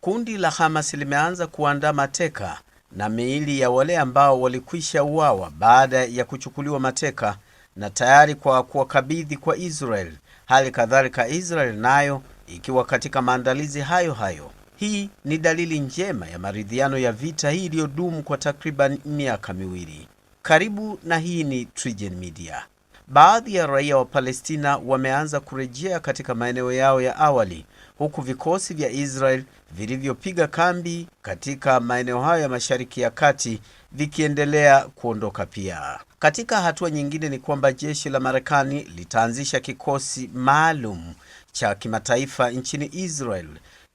Kundi la Hamas limeanza kuandaa mateka na miili ya wale ambao walikwisha uawa baada ya kuchukuliwa mateka na tayari kwa kuwakabidhi kwa Israel. Hali kadhalika Israel nayo ikiwa katika maandalizi hayo hayo. Hii ni dalili njema ya maridhiano ya vita hii iliyodumu kwa takriban miaka miwili. Karibu na hii ni TriGen Media. Baadhi ya raia wa Palestina wameanza kurejea katika maeneo yao ya awali huku vikosi vya Israel vilivyopiga kambi katika maeneo hayo ya Mashariki ya Kati vikiendelea kuondoka pia. Katika hatua nyingine ni kwamba jeshi la Marekani litaanzisha kikosi maalum cha kimataifa nchini Israel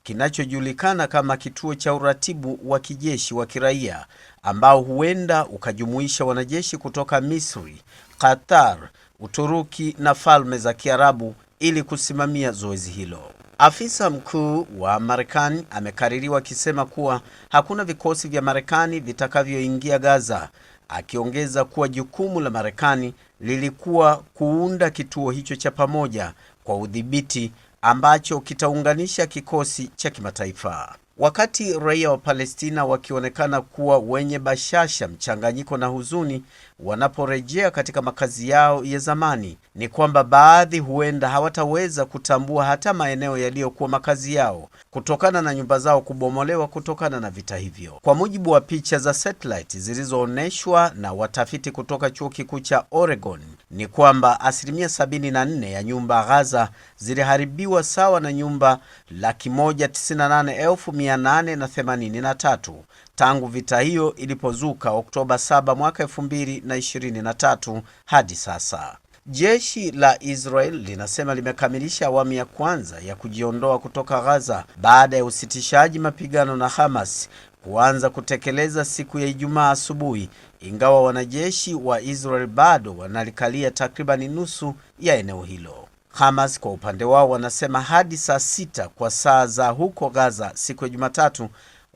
kinachojulikana kama kituo cha uratibu wa kijeshi wa kiraia ambao huenda ukajumuisha wanajeshi kutoka Misri, Qatar, Uturuki na Falme za Kiarabu ili kusimamia zoezi hilo. Afisa mkuu wa Marekani amekaririwa akisema kuwa hakuna vikosi vya Marekani vitakavyoingia Gaza, akiongeza kuwa jukumu la Marekani lilikuwa kuunda kituo hicho cha pamoja kwa udhibiti ambacho kitaunganisha kikosi cha kimataifa. Wakati raia wa Palestina wakionekana kuwa wenye bashasha, mchanganyiko na huzuni wanaporejea katika makazi yao ya zamani, ni kwamba baadhi huenda hawataweza kutambua hata maeneo yaliyokuwa makazi yao kutokana na nyumba zao kubomolewa kutokana na vita hivyo. Kwa mujibu wa picha za satellite zilizoonyeshwa na watafiti kutoka Chuo Kikuu cha Oregon ni kwamba asilimia 74 ya nyumba ghaza ziliharibiwa sawa na nyumba 198,883 tangu vita hiyo ilipozuka Oktoba 7 mwaka 2023 hadi sasa. Jeshi la Israel linasema limekamilisha awamu ya kwanza ya kujiondoa kutoka Gaza baada ya usitishaji mapigano na Hamas huanza kutekeleza siku ya Ijumaa asubuhi, ingawa wanajeshi wa Israel bado wanalikalia takribani nusu ya eneo hilo. Hamas kwa upande wao wanasema hadi saa sita kwa saa za huko Gaza siku ya Jumatatu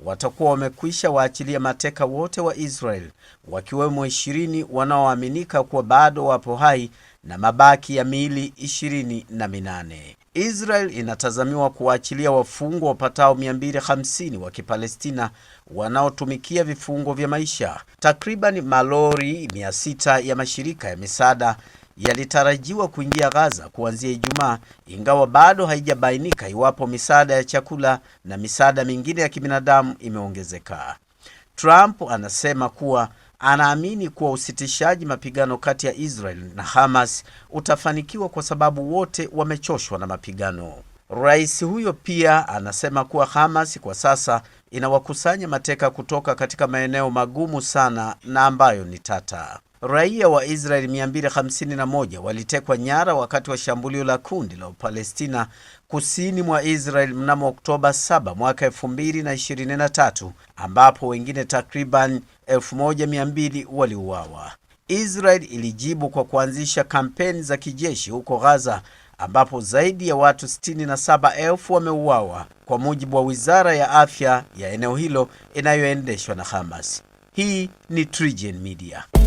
watakuwa wamekwisha waachilia mateka wote wa Israel wakiwemo ishirini wanaoaminika kuwa bado wapo hai na mabaki ya miili 28. na Israel inatazamiwa kuwaachilia wafungwa wapatao 250 wa Kipalestina wanaotumikia vifungo vya maisha. Takriban malori 600 ya mashirika ya misaada yalitarajiwa kuingia Gaza kuanzia Ijumaa, ingawa bado haijabainika iwapo misaada ya chakula na misaada mingine ya kibinadamu imeongezeka. Trump anasema kuwa anaamini kuwa usitishaji mapigano kati ya Israel na Hamas utafanikiwa kwa sababu wote wamechoshwa na mapigano. Rais huyo pia anasema kuwa Hamas kwa sasa inawakusanya mateka kutoka katika maeneo magumu sana na ambayo ni tata. Raia wa Israel 251 walitekwa nyara wakati wa shambulio la kundi la Palestina kusini mwa Israel mnamo Oktoba 7 mwaka 2023 ambapo wengine takriban 1200 waliuawa. Israel ilijibu kwa kuanzisha kampeni za kijeshi huko Gaza ambapo zaidi ya watu 67,000 wameuawa kwa mujibu wa Wizara ya Afya ya eneo hilo inayoendeshwa na Hamas. Hii ni TriGen Media.